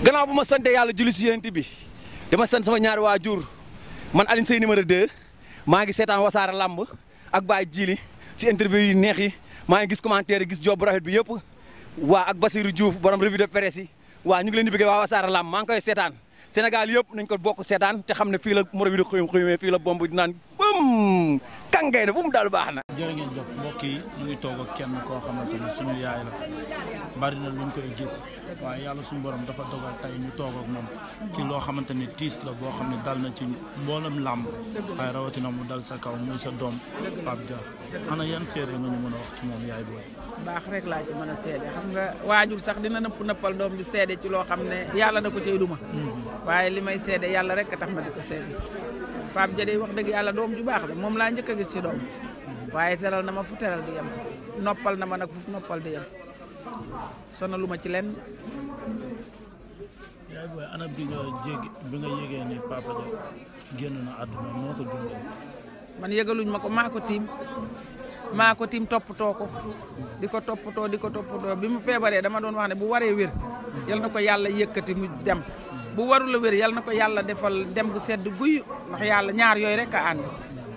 gannaaw bu ma santee yàlla julli si yent bi dama sant sama ñaari waajur man Alioune Seye numéro 2 maa ngi seetaan wasaare làmb ak Baye Djili ci interview yu neex yi maa ngi gis commentaire gis job bu rafet bi yëpp waa ak Basirou Diouf borom revue de presse waa ñu ngi leen bi bëgg waa wasaare làmb maa ngi koy seetaan Sénégal yëpp nañ ko bokk seetaan te xam ne fii la moro bi di xuyum xuyumee fii la bomb di naan bëm kàngay na bu mu daal baax na. jërë ngeen jëf ni suñu yaay la bari na luñ koy gis waaye yàlla suñu borom dafa dogal tey toog ak moom ci loo xamante ni tiis la boo xam ne dal na ci mboolam làmb waaye rawatina mu dal sa kaw muy sa doom Pape Dia ana yan seede nga ñu mën a wax ci moom yaay booy. baax rek laa ci mën a seede xam nga waajur sax dina nëpp nëppal doom di seede ci loo xam ne yàlla da ko cay duma. Mhm. waaye li may seede yàlla rek a tax ma di ko seede Pape Dia day wax dëgg yàlla doom ju baax moom laa njëkk a gis ci doom waaye teral na ma fu teral di yem noppal na ma nag fu noppal di yem sonalu ma ci leen yaay booy ana bi nga jéggi bi nga génn na àdduna moo ko dundee. man yëgaluñ ma ko maa ko tiim maa tiim toppatoo ko di ko toppatoo di ko toppatoo bi mu feebaree dama doon wax ne bu waree wér yal na ko yàlla yëkkati mu dem bu warul a wér yal na ko yàlla defal dem gu sedd guy ndax yàlla ñaar yooyu rek a ànd.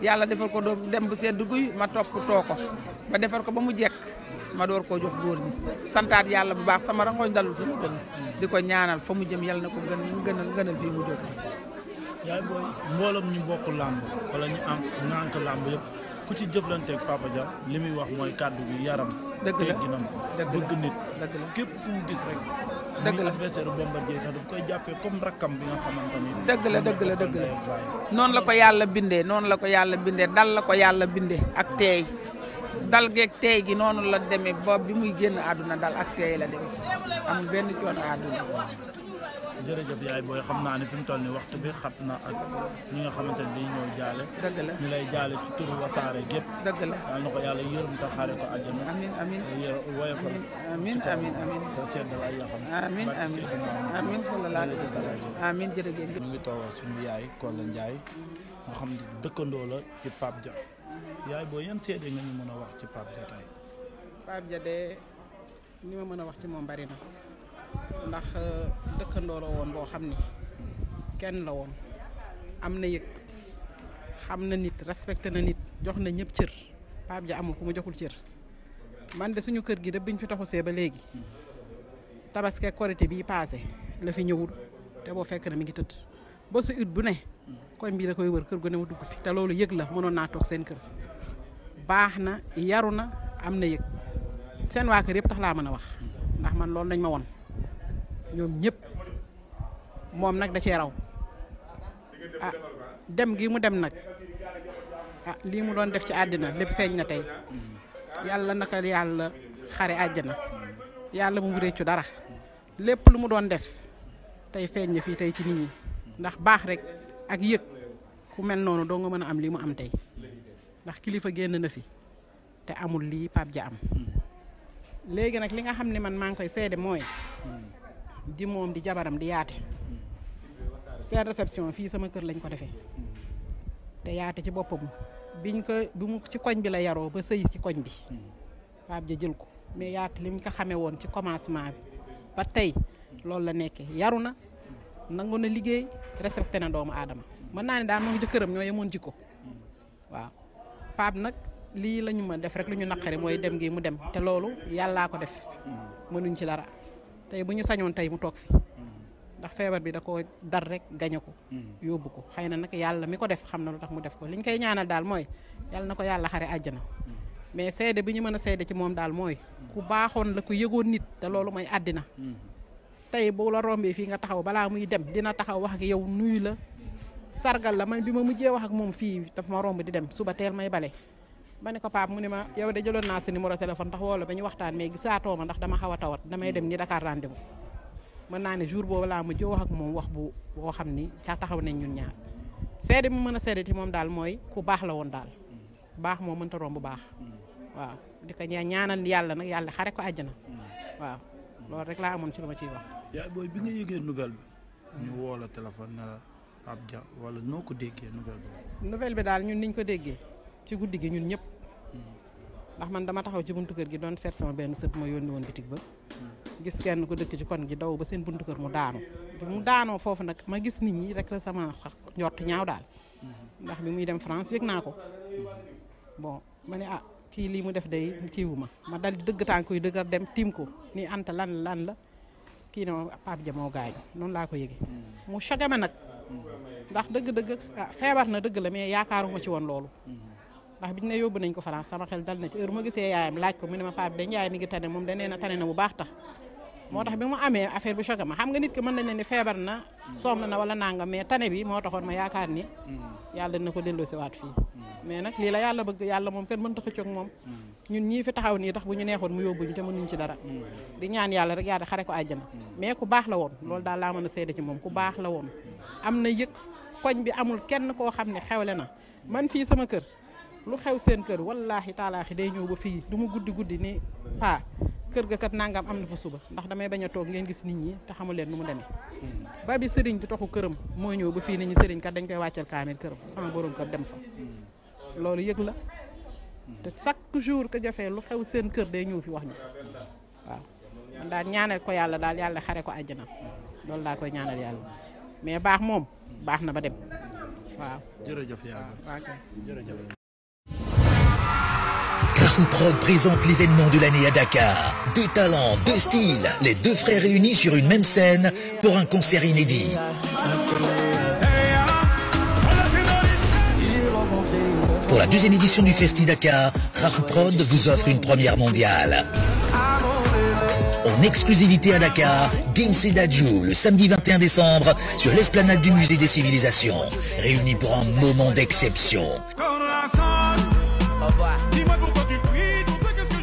yàlla defal ko doom dem bu sedd guy ma toppatoo ko ba defar ko ba mu jekk ma door koo jox góor ñi santaat yàlla bu baax sama rangooñ dalul sama dënn di ko ñaanal fa mu jëm yàlla na ko gën gënal gënal fii mu jóge yaay booy mboolam ñu bokk làmb walla ñu am làmb yëpp ku ci jëflanteeg Papa li muy wax mooy kàddu gi yaram. dëgg la tegginam bëgg nit. képp ku gis rek. dëgg la adversaire Bombardier sax daf koy jàppee comme rakkam bi nga xamante ni. dëgg la dëgg la dëgg la noonu la ko yàlla bindee noonu la ko yàlla bindee dal la ko yàlla bindee ak teey dal geeg teey gi noonu la demee ba bi muy génn àdduna dal ak teey la demee am benn coono àdduna. jërëjëf yaay booy xam naa ne fi mu toll nii waxtu bi xat na ak ñi nga xamante ne dañu ñëw jaale. dëgg la ñu lay jaale ci turu wasaare gépp. dëgg la yàlla yërëm te xaare ko àjjana. amiin amiin woyofal. amiin amiin amiin te seddal ay yaxam. amiin amiin amiin ngi toog suñu yaay Kolle Ndiaye nga xam ne dëkkandoo la ci yaay booy yan seede nga ñu mën a wax ci Pape Dia tey. Pape de ni ma mën a wax ci moom bari na. ndax euh, dëkkandoo la woon boo xam ni kenn la woon am na yëg xam na nit respecté na nit jox na ñëpp cër Pape Dia amul ku mu joxul cër man de suñu kër gi de biñ fi taxusee ba léegi tabaske korité bii paase la ñëwul te boo fekk na mi ngi tëdd ba su ut bu ne koñ bii da koy wër kër gu ne mu dugg fi te loolu yëg la mënoon naa toog seen kër baax na yaru na am na yëg seen waa kër yëpp tax laa mën a wax ndax man loolu lañ ma woon ñoom ñëpp moom nag da cee raw ah dem gi mu dem nag ah lii mu doon def ci àddina lépp feeñ na tey yàlla naka yàlla xare àjjana yàlla bu mu réccu dara lépp lu mu doon def tey feeñ na fii tey ci nit ñi ndax baax rek ak yëg ku mel noonu doo nga mën a am lii mu am tey ndax kilifa génn na fi te amul lii Pape Dia am léegi nag li nga xam ne man maa ngi koy seede mooy di moom di jabaram di yaate seen réception fii sama kër lañ ko defee te yaate ci boppam biñ ko bi mu ci koñ bi la yaroo ba sëy ci koñ bi Pape ja jël ko mais yaat li mu ko xamee woon ci commencement bi ba tey loolu la nekke yaru na nangu na liggéey respecté na doomu aadama mën naa ne daal moom jëkkëram ñoo yemoon jikko waaw Pape nag lii la mën def rek lu ñu naqari mooy dem gi mu dem te loolu yàllaa ko def nuñ ci dara tey bu ñu sañoon tey mu toog fi ndax feebar bi da ko dar rek gañe ko mm-hmm. yóbbu ko xëy na nag yàlla mi ko def xam na lu tax mu def ko li ñu koy ñaanal daal mooy yàlla na ko yàlla xare àjjana mm-hmm. mais seede bi ñu mën a seede ci moom daal mooy ku baaxoon la ku yegoon nit te loolu mooy àddina mm-hmm. tey bu la rombee fii nga taxaw balaa muy dem dina taxaw wax ak yow nuyu la sargal la man bi ma mujjee wax ak moom fii daf ma romb di dem suba teel may bale ma ne ko Pape mu ne ma yow de jëloon naa sa numéro téléphone tax woo la ba ñu waxtaan mais gisaatoo ma ndax dama xaw a tawat damay dem ni Dakar rendez-vous mën naa ne jour boobu laa mujj wax ak moom wax bu boo xam ni ca taxaw nañ ñun ñaar seede mu mën a seede ci moom daal mooy ku baax la woon daal baax moo mënta bu baax waaw di ko ñaanal yàlla nag yàlla xare ko àjjana waaw loolu rek laa amoon ci lu ma ciy wax. yaay booy bi nga yëgee nouvelle bi. ñu woo wala noo ko déggee nouvelle bi. nouvelle bi daal ñun niñ ko déggee. ci guddi gi ñun ñëpp hmm. ndax man dama taxaw ci buntu kër gi doon seet sama benn sëb ma yónni woon bitig ba hmm. gis kenn ko dëkk ci kon gi daw ba seen buntu kër mu daanu bi mu daanoo foofu nag ma gis nit ñi rek la sama njort ñaaw daal hmm. ndax bi muy dem France yëg naa ko bon ma ne ah kii lii mu def de kiiwu ma ma dal dëgg tànk koy dëgër dem tiim ko ni anta lan lan la kii ne ma Pape Dia gaañu noonu laa ko yëgee mu chagame nag ndax dëgg-dëgg ah, feebar na dëgg la mais yaakaaruma ci woon loolu ndax biñ ne yóbbu nañ ko France sama xel dal na ci heure ma gisee yaayam laaj ko mu ne ma Pape de Ndiaye mi tane moom da tane na bu baax tax moo tax bi mu amee affaire bu choqué ma xam nga nit ko delloosiwaat fii mais nag lii la yàlla bëgg yàlla moom kenn fi taxaw nii tax bu ñu neexoon mu yóbbuñu te mënuñ ci dara di ñaan yàlla rek yàlla xare ko àjjana mais ku baax la woon loolu daal laa a seede ci moom ku baax la woon am na yëg koñ bi amul kenn koo xam ne xewle na man fii sama kër lu xew seen kër wallaahi taalaaxi day ñëw ba fii du mu guddi guddi ni paa kër ga kat nangam am na fa suba ndax damay bañ a toog ngeen gis nit ñi te xamu leen nu mu demee hmm. ba bi sëriñ bi taxu këram mooy ñëw ba fii nit ñi sëriñ kat dañ koy wàccal kaamil këram sama borom kër dem fa hmm. loolu yëg la hmm. te chaque jour que jafee lu xew seen kër day ñëw fi wax ñu waaw daal ñaanal ko yàlla daal yàlla xare ko àjjana loolu laa koy ñaanal yàlla mais baax moom baax na ba dem Mahou Prod présente l'événement de l'année à Dakar. Deux talents, deux styles, les deux frères réunis sur une même scène pour un concert inédit. Pour la deuxième édition du Festi Dakar, Rahou vous offre une première mondiale. En exclusivité à Dakar, Gims et Dadju, le samedi décembre, sur l'esplanade du Musée des Civilisations, réunis pour un moment d'exception.